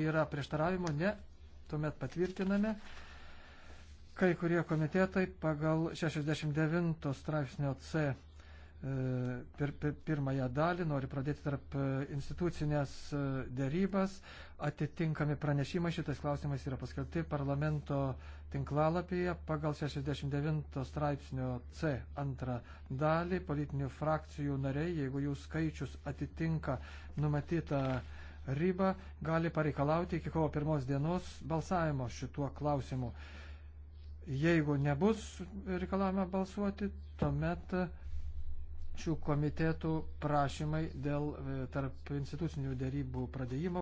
yra prieštaravimo, ne, tuomet patvirtiname. Kai kurie komitetai pagal 69 straipsnio C e, pir, pir, pirmąją dalį nori pradėti tarp e, institucinės e, dėrybas. Atitinkami pranešimai šitais klausimais yra paskelbti parlamento tinklalapyje pagal 69 straipsnio C antrą dalį politinių frakcijų nariai, jeigu jų skaičius atitinka numatytą ribą, gali pareikalauti iki kovo pirmos dienos balsavimo šituo klausimu. Jeigu nebus reikalavimo balsuoti, tuomet šių komitetų prašymai dėl e, tarp institucinių dėrybų pradėjimo